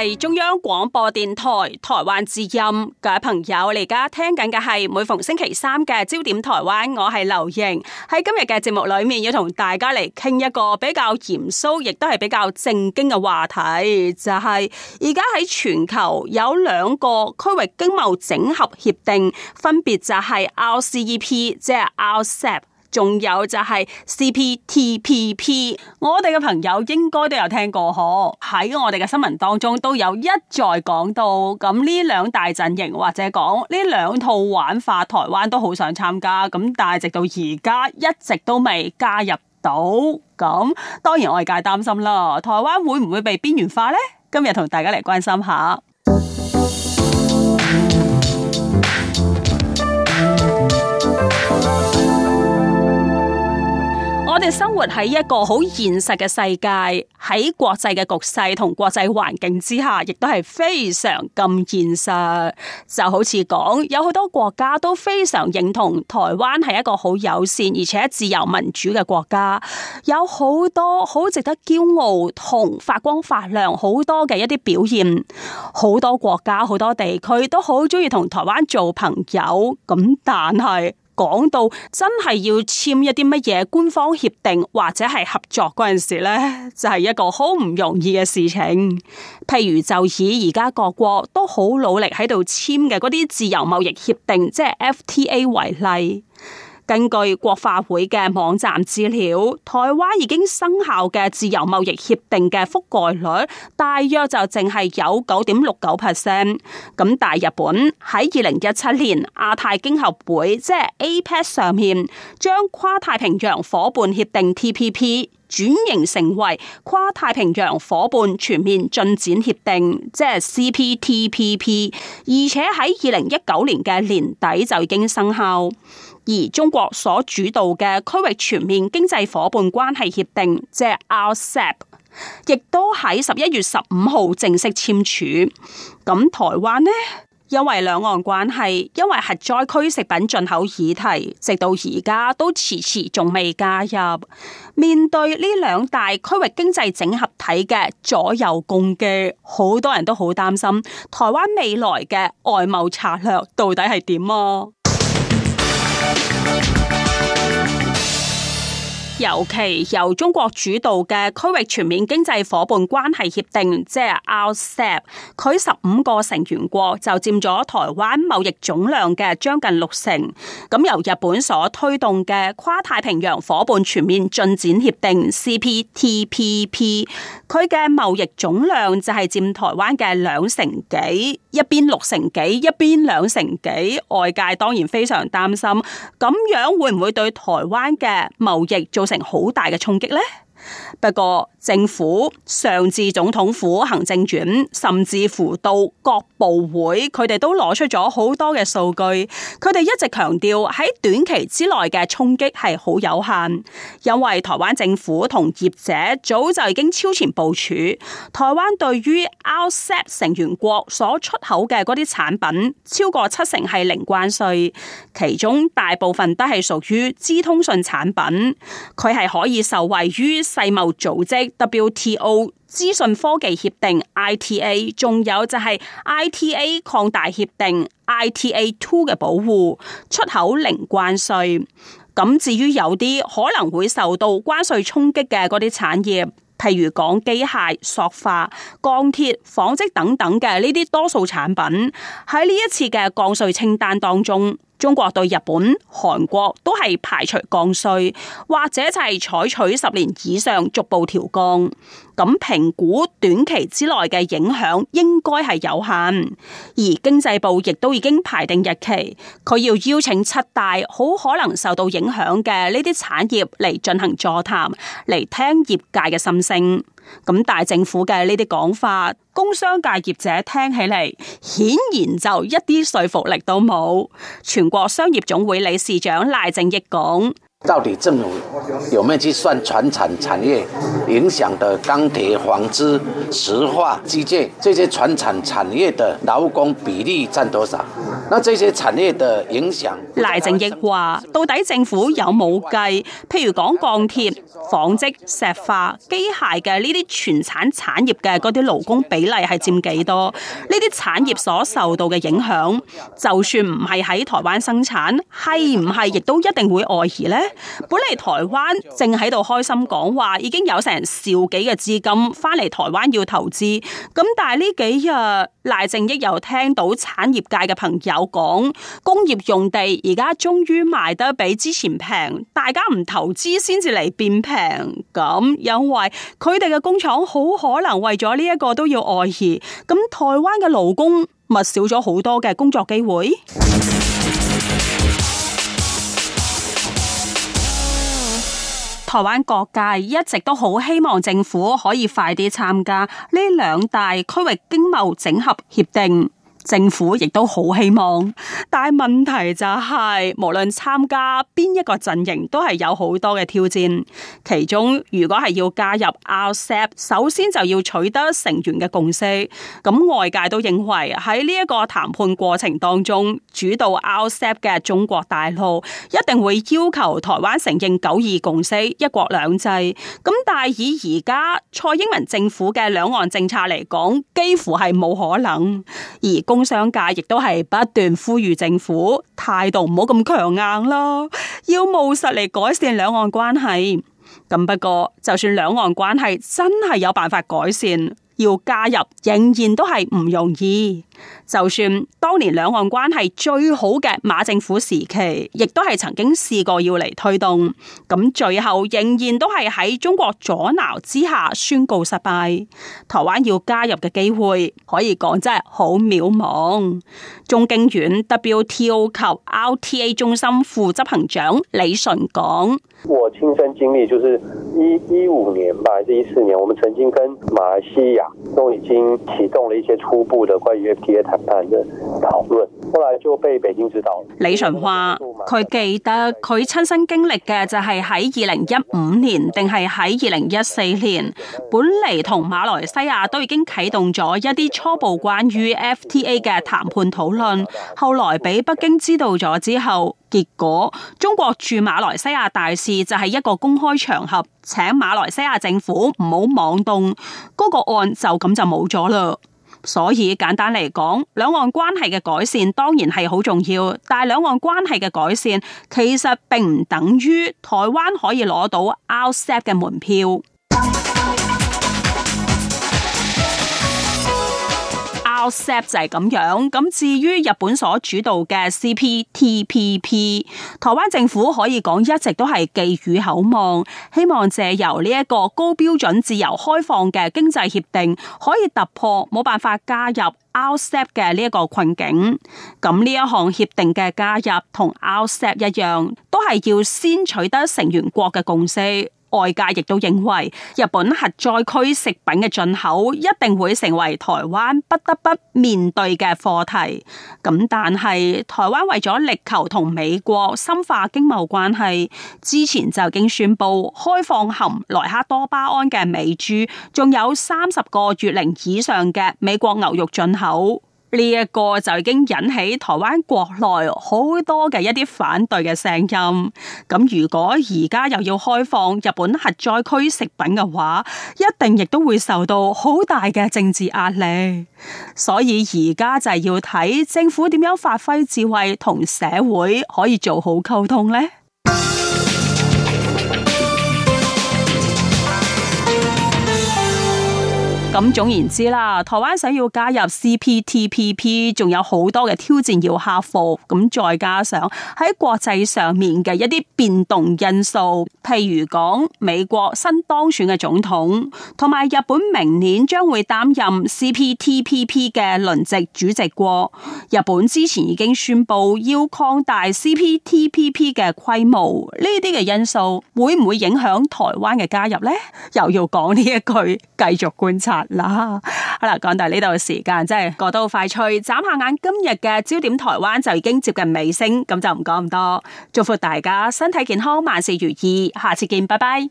係中央廣播電台台灣之音，各位朋友，你而家聽緊嘅係每逢星期三嘅焦點台灣，我係劉瑩。喺今日嘅節目裏面，要同大家嚟傾一個比較嚴肅，亦都係比較正經嘅話題，就係而家喺全球有兩個區域經貿整合協定，分別就係 RCEP 即係 RCEP。仲有就係 CPTPP，我哋嘅朋友應該都有聽過，喎，喺我哋嘅新聞當中都有一再講到，咁呢兩大陣營或者講呢兩套玩法，台灣都好想參加，咁但係直到而家一直都未加入到，咁當然外界擔心啦，台灣會唔會被邊緣化呢？今日同大家嚟關心下。生活喺一個好現實嘅世界，喺國際嘅局勢同國際環境之下，亦都係非常咁現實。就好似講，有好多國家都非常認同台灣係一個好友善而且自由民主嘅國家，有好多好值得驕傲同發光發亮好多嘅一啲表現。好多國家、好多地區都好中意同台灣做朋友，咁但係。講到真係要簽一啲乜嘢官方協定或者係合作嗰陣時呢，就係一個好唔容易嘅事情。譬如就以而家各國都好努力喺度簽嘅嗰啲自由貿易協定，即係 FTA 為例。根據國發會嘅網站資料，台灣已經生效嘅自由貿易協定嘅覆蓋率大約就淨係有九點六九 percent。咁大日本喺二零一七年亞太經合會即係、就是、APEC 上面，將跨太平洋夥伴協定 TPP 轉型成為跨太平洋夥伴全面進展協定，即、就、係、是、CPTPP，而且喺二零一九年嘅年底就已經生效。而中國所主導嘅區域全面經濟伙伴關係協定，即 RCEP，亦都喺十一月十五號正式簽署。咁台灣呢，因為兩岸關係，因為核災區食品進口議題，直到而家都遲遲仲未加入。面對呢兩大區域經濟整合體嘅左右夾擊，好多人都好擔心台灣未來嘅外貿策略到底係點啊！尤其由中國主導嘅區域全面經濟夥伴關係協定，即係 RCEP，佢十五個成員國就佔咗台灣貿易總量嘅將近六成。咁由日本所推動嘅跨太平洋夥伴全面進展協定 CPTPP，佢嘅貿易總量就係占台灣嘅兩成幾，一邊六成幾，一邊兩成幾，外界當然非常擔心，咁樣會唔會對台灣嘅貿易做成好大嘅衝擊咧。不過政府，上至總統府、行政院，甚至乎到各部會，佢哋都攞出咗好多嘅數據。佢哋一直強調喺短期之內嘅衝擊係好有限，因為台灣政府同業者早就已經超前部署。台灣對於 RCEP 成員國所出口嘅嗰啲產品，超過七成係零關稅，其中大部分都係屬於資通訊產品，佢係可以受惠於。世貿組織 （WTO） 資訊科技協定 （ITA） 仲有就係 ITA 擴大協定 （ITA Two） 嘅保護出口零關稅。咁至於有啲可能會受到關稅衝擊嘅嗰啲產業，譬如講機械、塑化、鋼鐵、紡織等等嘅呢啲多數產品，喺呢一次嘅降稅清單當中，中國對日本、韓國都係排除降稅，或者就係採取十年以上逐步調降。咁評估短期之內嘅影響應該係有限。而經濟部亦都已經排定日期，佢要邀請七大好可能受到影響嘅呢啲產業嚟進行座談，嚟聽業界嘅心聲。咁大政府嘅呢啲講法，工商界業者聽起嚟，顯然就一啲說服力都冇。全國商業總會理事長賴正益講。到底政府有沒有去算傳產產業影響的鋼鐵、紡織、石化、機械這些傳產產業的勞工比例占多少？那這些產業的影響？賴正鎰話：到底政府有冇計？譬如講鋼鐵、紡織、石化、機械嘅呢啲全產產業嘅嗰啲勞工比例係佔幾多？呢啲產業所受到嘅影響，就算唔係喺台灣生產，係唔係亦都一定會外移咧？本嚟台灣正喺度開心講話，已經有成兆幾嘅資金翻嚟台灣要投資，咁但係呢幾日賴正益又聽到產業界嘅朋友講，工業用地而家終於賣得比之前平，大家唔投資先至嚟變平，咁因為佢哋嘅工廠好可能為咗呢一個都要外移，咁台灣嘅勞工咪少咗好多嘅工作機會。台灣各界一直都好希望政府可以快啲參加呢兩大區域經貿整合協定。政府亦都好希望，但係問題就係、是，無論參加邊一個陣營，都係有好多嘅挑戰。其中如果係要加入 RCEP，首先就要取得成員嘅共識。咁外界都認為喺呢一個談判過程當中，主導 RCEP 嘅中國大陸一定會要求台灣承認九二共識、一國兩制。咁但係以而家蔡英文政府嘅兩岸政策嚟講，幾乎係冇可能。而公工商界亦都係不斷呼籲政府態度唔好咁強硬咯，要務實嚟改善兩岸關係。咁不過就算兩岸關係真係有辦法改善。要加入仍然都係唔容易，就算當年兩岸關係最好嘅馬政府時期，亦都係曾經試過要嚟推動，咁最後仍然都係喺中國阻撓之下宣告失敗。台灣要加入嘅機會，可以講真係好渺茫。中經院 WTO 及 RTA 中心副執行長李淳講：我親身經歷就是一一五年吧，還是一四年，我們曾經跟馬來西亞。都已經啟動了一些初步關於的關於 FTA 談判的討論，後來就被北京知道。李淳話：佢記得佢親身經歷嘅就係喺二零一五年，定係喺二零一四年，本嚟同馬來西亞都已經啟動咗一啲初步關於 FTA 嘅談判討論，後來俾北京知道咗之後。結果中國駐馬來西亞大使就係一個公開場合，請馬來西亞政府唔好妄動，嗰、那個案就咁就冇咗啦。所以簡單嚟講，兩岸關係嘅改善當然係好重要，但係兩岸關係嘅改善其實並唔等於台灣可以攞到 RCEP 嘅門票。RCEP 就係咁樣咁，至於日本所主導嘅 CPTPP，台灣政府可以講，一直都係寄予厚望，希望借由呢一個高標準自由開放嘅經濟協定，可以突破冇辦法加入 RCEP 嘅呢一個困境。咁呢一項協定嘅加入同 RCEP 一樣，都係要先取得成員國嘅共識。外界亦都認為，日本核災區食品嘅進口一定會成為台灣不得不面對嘅課題。咁但係，台灣為咗力求同美國深化經貿關係，之前就已經宣布開放含萊克多巴胺嘅美豬，仲有三十個月齡以上嘅美國牛肉進口。呢一個就已經引起台灣國內好多嘅一啲反對嘅聲音。咁如果而家又要開放日本核災區食品嘅話，一定亦都會受到好大嘅政治壓力。所以而家就係要睇政府點樣發揮智慧，同社會可以做好溝通呢。咁總言之啦，台灣想要加入 CPTPP，仲有好多嘅挑戰要克服。咁再加上喺國際上面嘅一啲變動因素，譬如講美國新當選嘅總統，同埋日本明年將會擔任 CPTPP 嘅輪值主席國。過日本之前已經宣布要擴大 CPTPP 嘅規模，呢啲嘅因素會唔會影響台灣嘅加入呢？又要講呢一句，繼續觀察。啦，好啦，講到呢度嘅時間真係過得快脆，眨下眼，今日嘅焦點台灣就已經接近尾聲，咁就唔講咁多，祝福大家身體健康，萬事如意，下次見，拜拜。